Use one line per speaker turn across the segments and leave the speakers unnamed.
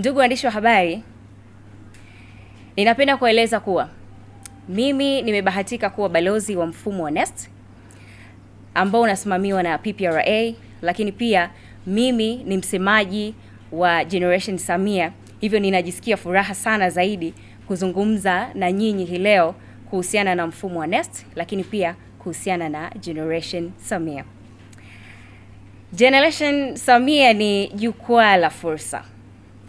Ndugu waandishi wa habari, ninapenda kueleza kuwa mimi nimebahatika kuwa balozi wa mfumo wa NeST ambao unasimamiwa na PPRA, lakini pia mimi ni msemaji wa Generation Samia, hivyo ninajisikia furaha sana zaidi kuzungumza na nyinyi hii leo kuhusiana na mfumo wa NeST, lakini pia kuhusiana na Generation Samia. Generation Samia ni jukwaa la fursa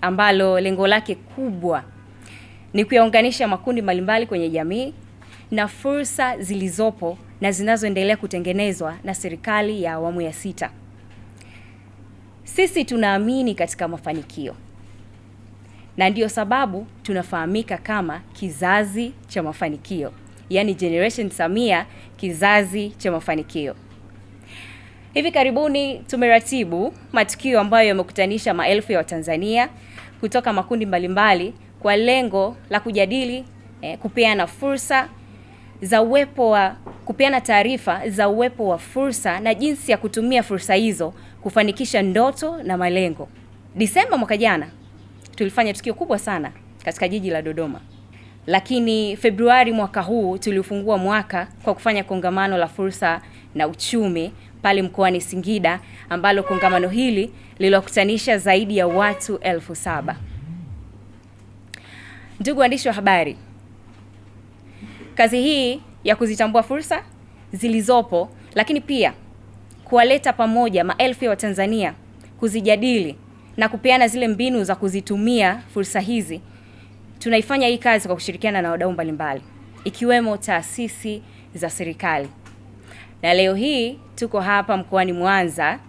ambalo lengo lake kubwa ni kuyaunganisha makundi mbalimbali kwenye jamii na fursa zilizopo na zinazoendelea kutengenezwa na serikali ya awamu ya sita. Sisi tunaamini katika mafanikio na ndiyo sababu tunafahamika kama kizazi cha mafanikio, yaani Generation Samia, kizazi cha mafanikio. Hivi karibuni tumeratibu matukio ambayo yamekutanisha maelfu ya Watanzania kutoka makundi mbalimbali kwa lengo la kujadili eh, kupeana fursa za uwepo wa kupeana taarifa za uwepo wa fursa na jinsi ya kutumia fursa hizo kufanikisha ndoto na malengo. Disemba mwaka jana tulifanya tukio kubwa sana katika jiji la Dodoma. Lakini Februari mwaka huu tuliufungua mwaka kwa kufanya kongamano la fursa na uchumi pale mkoani Singida ambalo kongamano hili liliwakutanisha zaidi ya watu elfu saba. Ndugu waandishi wa habari, kazi hii ya kuzitambua fursa zilizopo lakini pia kuwaleta pamoja maelfu ya Watanzania kuzijadili na kupeana zile mbinu za kuzitumia fursa hizi. Tunaifanya hii kazi kwa kushirikiana na wadau mbalimbali ikiwemo taasisi za serikali na leo hii tuko hapa mkoani Mwanza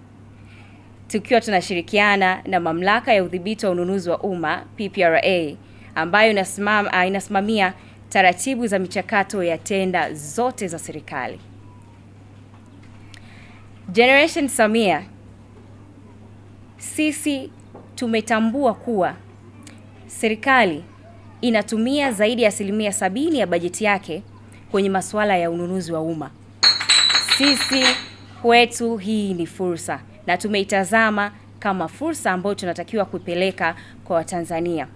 tukiwa tunashirikiana na Mamlaka ya Udhibiti wa Ununuzi wa Umma PPRA ambayo inasimama, ah, inasimamia taratibu za michakato ya tenda zote za serikali. Generation Samia, sisi tumetambua kuwa serikali inatumia zaidi ya asilimia sabini ya bajeti yake kwenye masuala ya ununuzi wa umma. Sisi kwetu hii ni fursa na tumeitazama kama fursa ambayo tunatakiwa kuipeleka kwa Watanzania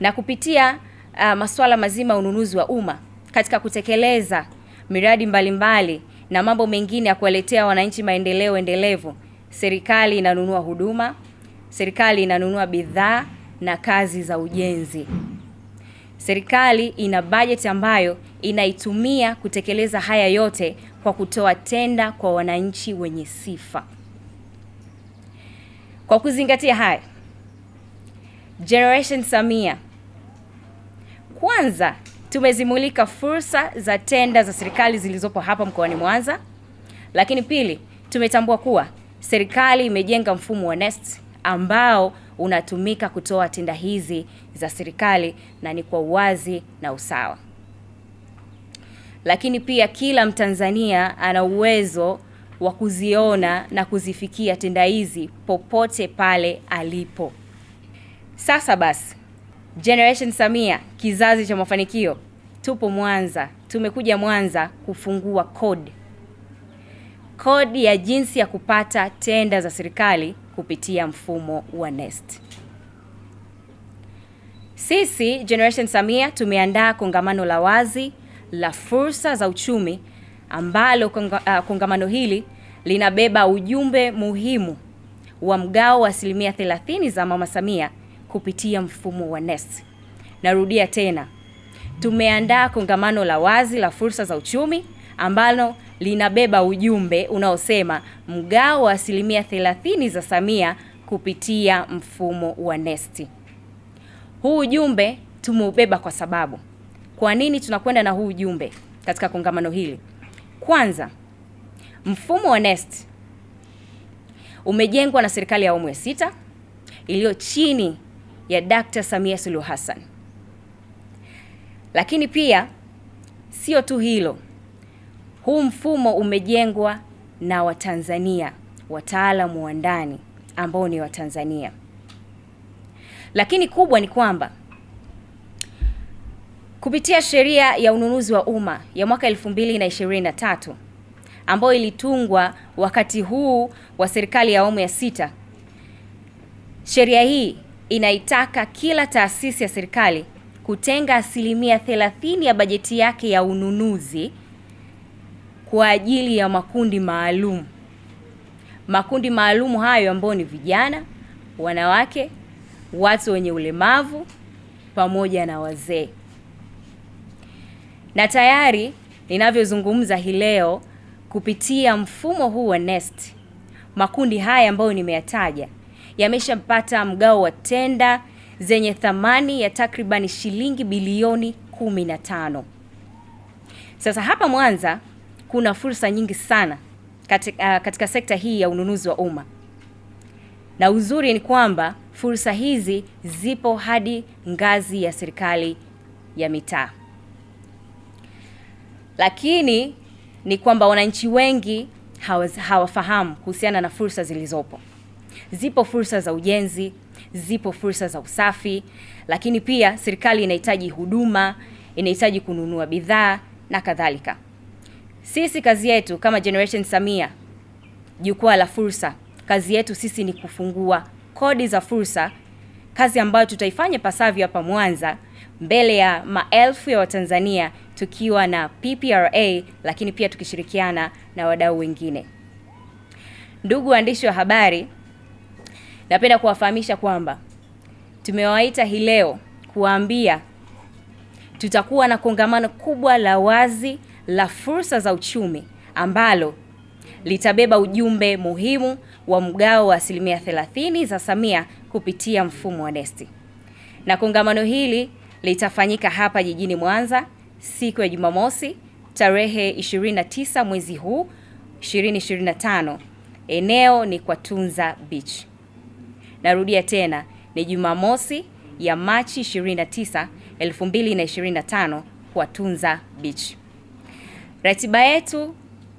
na kupitia uh, masuala mazima ya ununuzi wa umma katika kutekeleza miradi mbalimbali mbali, na mambo mengine ya kuwaletea wananchi maendeleo endelevu. Serikali inanunua huduma, serikali inanunua bidhaa na kazi za ujenzi. Serikali ina bajeti ambayo inaitumia kutekeleza haya yote kwa kutoa tenda kwa wananchi wenye sifa. Kwa kuzingatia haya, Generation Samia kwanza tumezimulika fursa za tenda za serikali zilizopo hapa mkoani Mwanza, lakini pili, tumetambua kuwa serikali imejenga mfumo wa NeST ambao unatumika kutoa tenda hizi za serikali na ni kwa uwazi na usawa lakini pia kila Mtanzania ana uwezo wa kuziona na kuzifikia tenda hizi popote pale alipo. Sasa basi, Generation Samia kizazi cha mafanikio, tupo Mwanza, tumekuja Mwanza kufungua kodi, kodi ya jinsi ya kupata tenda za serikali kupitia mfumo wa NeST. Sisi Generation Samia tumeandaa kongamano la wazi la fursa za uchumi ambalo konga, uh, kongamano hili linabeba ujumbe muhimu wa mgao wa asilimia 30 za Mama Samia kupitia mfumo wa NeST. Narudia tena, tumeandaa kongamano la wazi la fursa za uchumi ambalo linabeba ujumbe unaosema mgao wa asilimia 30 za Samia kupitia mfumo wa NeST. Huu ujumbe tumeubeba kwa sababu kwa nini tunakwenda na huu ujumbe katika kongamano hili? Kwanza, mfumo wa NeST umejengwa na serikali ya awamu ya sita iliyo chini ya Dkt. Samia Suluhu Hassan, lakini pia sio tu hilo, huu mfumo umejengwa na Watanzania, wataalamu wa ndani ambao ni Watanzania, lakini kubwa ni kwamba Kupitia sheria ya ununuzi wa umma ya mwaka 2023 ambayo ilitungwa wakati huu wa serikali ya awamu ya sita, sheria hii inaitaka kila taasisi ya serikali kutenga asilimia 30 ya bajeti yake ya ununuzi kwa ajili ya makundi maalum. Makundi maalum hayo ambayo ni vijana, wanawake, watu wenye ulemavu pamoja na wazee. Na tayari ninavyozungumza hii leo, kupitia mfumo huu wa NeST, makundi haya ambayo nimeyataja yameshapata mgao wa tenda zenye thamani ya takribani shilingi bilioni 15. Sasa hapa Mwanza kuna fursa nyingi sana katika, uh, katika sekta hii ya ununuzi wa umma, na uzuri ni kwamba fursa hizi zipo hadi ngazi ya serikali ya mitaa lakini ni kwamba wananchi wengi hawafahamu kuhusiana na fursa zilizopo. Zipo fursa za ujenzi, zipo fursa za usafi, lakini pia serikali inahitaji huduma, inahitaji kununua bidhaa na kadhalika. Sisi kazi yetu kama Generation Samia, jukwaa la fursa, kazi yetu sisi ni kufungua kodi za fursa, kazi ambayo tutaifanya pasavyo hapa Mwanza mbele ya maelfu ya Watanzania tukiwa na PPRA, lakini pia tukishirikiana na wadau wengine. Ndugu waandishi wa habari, napenda kuwafahamisha kwamba tumewaita hii leo kuwaambia tutakuwa na kongamano kubwa la wazi la fursa za uchumi ambalo litabeba ujumbe muhimu wa mgao wa asilimia 30 za Samia kupitia mfumo wa DESTI, na kongamano hili litafanyika hapa jijini Mwanza siku ya Jumamosi tarehe 29 mwezi huu 2025. Eneo ni kwa Tunza Beach. Narudia tena, ni Jumamosi ya Machi 29, 2025 kwa Tunza Beach. Ratiba yetu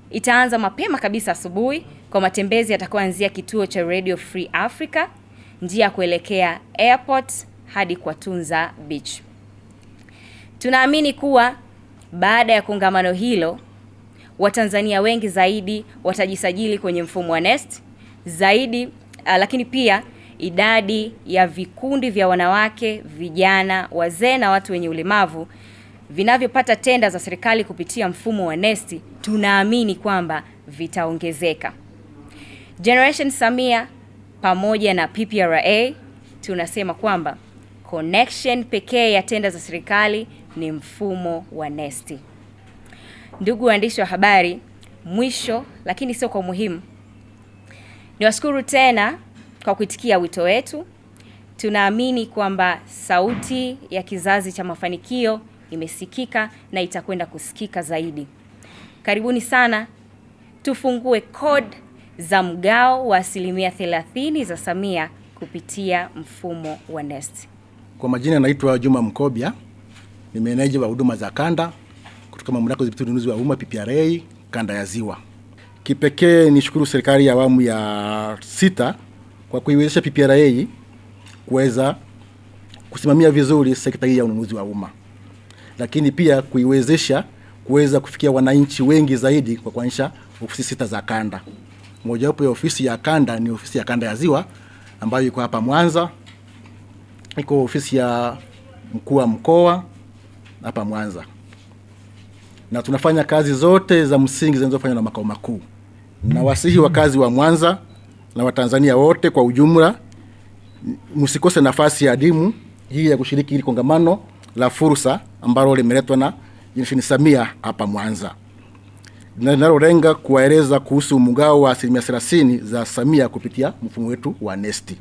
itaanza mapema kabisa asubuhi kwa matembezi yatakayoanzia kituo cha Radio Free Africa, njia ya kuelekea airport hadi kwa Tunza Beach. Tunaamini kuwa baada ya kongamano hilo Watanzania wengi zaidi watajisajili kwenye mfumo wa NeST zaidi, ah, lakini pia idadi ya vikundi vya wanawake, vijana, wazee na watu wenye ulemavu vinavyopata tenda za serikali kupitia mfumo wa NeST tunaamini kwamba vitaongezeka. Generation Samia pamoja na PPRA tunasema kwamba connection pekee ya tenda za serikali ni mfumo wa nesti. Ndugu waandishi wa habari, mwisho lakini sio kwa umuhimu, niwashukuru tena kwa kuitikia wito wetu. Tunaamini kwamba sauti ya kizazi cha mafanikio imesikika na itakwenda kusikika zaidi. Karibuni sana, tufungue kodi za mgao wa asilimia 30 za Samia kupitia mfumo wa NeST.
Kwa majina naitwa Juma Mkobya ni meneja wa huduma za kanda kutoka mamlaka ya ununuzi wa umma PPRA kanda ya Ziwa. Kipekee nishukuru serikali ya awamu ya sita kwa kuiwezesha PPRA kuweza kusimamia vizuri sekta hii ya ununuzi wa umma, lakini pia kuiwezesha kuweza kufikia wananchi wengi zaidi kwa kuanzisha ofisi sita za kanda. Mojawapo ya ofisi ya kanda ni ofisi ya kanda ya Ziwa ambayo iko hapa Mwanza. Iko ofisi ya mkuu wa mkoa, hapa Mwanza, na tunafanya kazi zote za msingi zinazofanywa na makao makuu. Nawasihi wakazi wa Mwanza na Watanzania wote kwa ujumla, msikose nafasi ya adimu hii ya kushiriki hili kongamano la fursa ambalo limeletwa na Jini Samia hapa Mwanza na linalolenga kuwaeleza kuhusu mgao wa asilimia thelathini za Samia kupitia mfumo wetu wa NeST.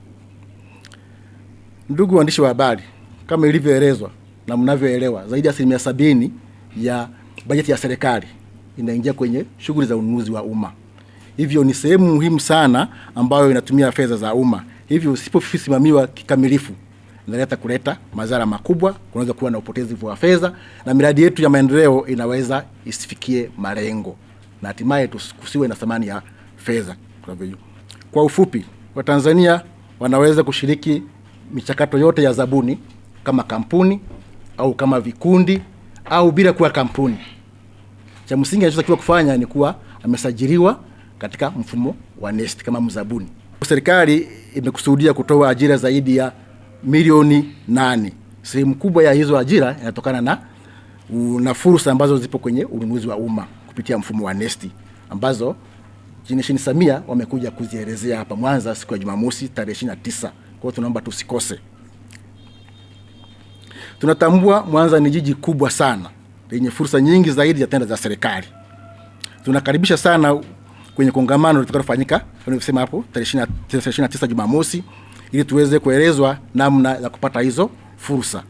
Ndugu waandishi wa habari, kama ilivyoelezwa na mnavyoelewa zaidi ya asilimia sabini ya bajeti ya serikali inaingia kwenye shughuli za ununuzi wa umma. Hivyo ni sehemu muhimu sana ambayo inatumia fedha za umma, hivyo usipofisimamiwa kikamilifu inaleta kuleta madhara makubwa. Kunaweza kuwa na upotezi wa fedha na miradi yetu ya maendeleo inaweza isifikie malengo na hatimaye tusiwe na thamani ya fedha. Kwa ufupi, Watanzania wanaweza kushiriki michakato yote ya zabuni kama kampuni au kama vikundi au bila kuwa kampuni. Cha msingi anachotakiwa kufanya ni kuwa amesajiliwa katika mfumo wa NeST kama mzabuni. Serikali imekusudia kutoa ajira zaidi ya milioni nane. Sehemu kubwa ya hizo ajira inatokana na na fursa ambazo zipo kwenye ununuzi wa umma kupitia mfumo wa NeST ambazo Jeneresheni Samia wamekuja kuzielezea hapa Mwanza siku ya Jumamosi tarehe 29. Kwa hiyo tunaomba tusikose. Tunatambua Mwanza ni jiji kubwa sana lenye fursa nyingi zaidi ya tenda za serikali. Tunakaribisha sana kwenye kongamano litakalofanyika nimesema hapo tarehe 29 Jumamosi, ili tuweze kuelezwa namna ya kupata hizo fursa.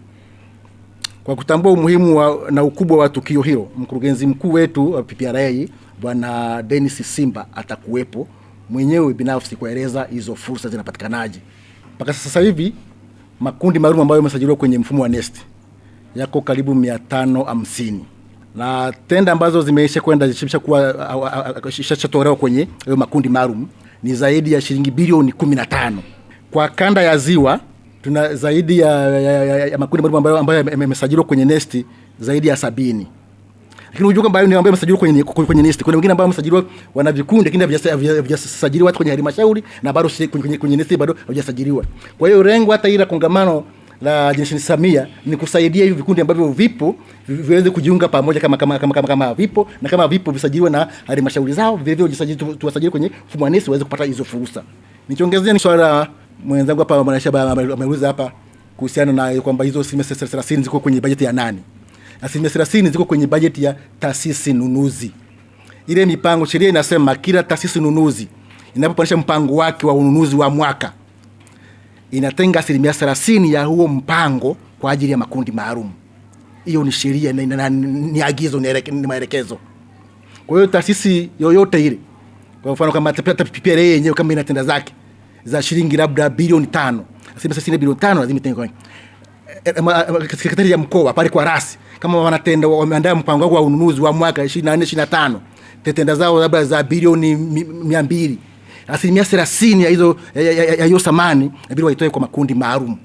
Kwa kutambua umuhimu wa, na ukubwa wa tukio hilo, mkurugenzi mkuu wetu wa PPRA Bwana Dennis Simba atakuwepo mwenyewe binafsi kueleza hizo fursa zinapatikanaje mpaka sasa hivi. Makundi maalum ambayo yamesajiliwa kwenye mfumo wa NeST yako karibu 550 na tenda ambazo zimeisha kwenda ishatolewa kwenye hayo makundi maalum ni zaidi ya shilingi bilioni 15. Kwa kanda ya ziwa tuna zaidi ya, ya, ya, ya makundi maalum ambayo yamesajiliwa kwenye NeST zaidi ya sabini lakini unajua kwamba ni ambao wamesajiliwa kwenye kwenye NeST. Kuna wengine ambao wamesajiliwa wana vikundi lakini havijasajiliwa hata kwenye halmashauri na bado kwenye, kwenye NeST bado havijasajiliwa. Kwa hiyo lengo hata ila kongamano la Jenishini Samia ni kusaidia hivi vikundi ambavyo vipo viweze kujiunga pamoja kama kama, kama, kama, kama vipo na kama vipo visajiliwe na halmashauri zao vile vile wajisajili tuwasajili kwenye mfumo wa NeST waweze kupata hizo fursa. Nichongezea ni swala mwenzangu hapa mwanashaba ameuliza hapa kuhusiana na kwamba hizo asilimia thelathini ziko kwenye bajeti ya nani? asilimia 30 ziko kwenye bajeti ya taasisi nunuzi. Ile mipango sheria inasema kila taasisi nunuzi inapopanisha mpango wake wa ununuzi wa mwaka inatenga asilimia 30 ya huo mpango kwa ajili ya makundi maalum. Hiyo ni sheria, na, ni agizo, ni maelekezo. Kwa hiyo taasisi yoyote ile, kwa mfano kama tapata TPRA yenyewe kama ina tenda zake za shilingi labda bilioni tano, asilimia 30 bilioni tano lazima kwa eh, eh, Sekretari ya mkoa pale kwa rasi kama wanatenda wameandaa mpango wao wa ununuzi wa mwaka 24 25 tetenda zao labda za bilioni 200 asilimia 30 ya hizo ya hiyo samani bila waitoe kwa makundi maalum.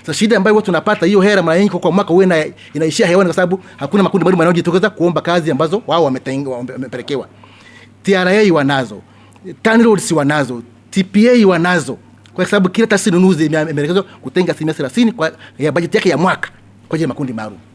Sasa shida ambayo watu tunapata hiyo hela mara nyingi kwa mwaka huwa inaishia hewani, kwa sababu hakuna makundi maalum yanayojitokeza kuomba kazi ambazo wao wamepelekewa. TRA wanazo, TANROADS wanazo, TPA wanazo, kwa sababu kila taasisi nunuzi imeelekezwa kutenga asilimia 30 kwa ya bajeti yake ya mwaka kwa ajili ya makundi maalum.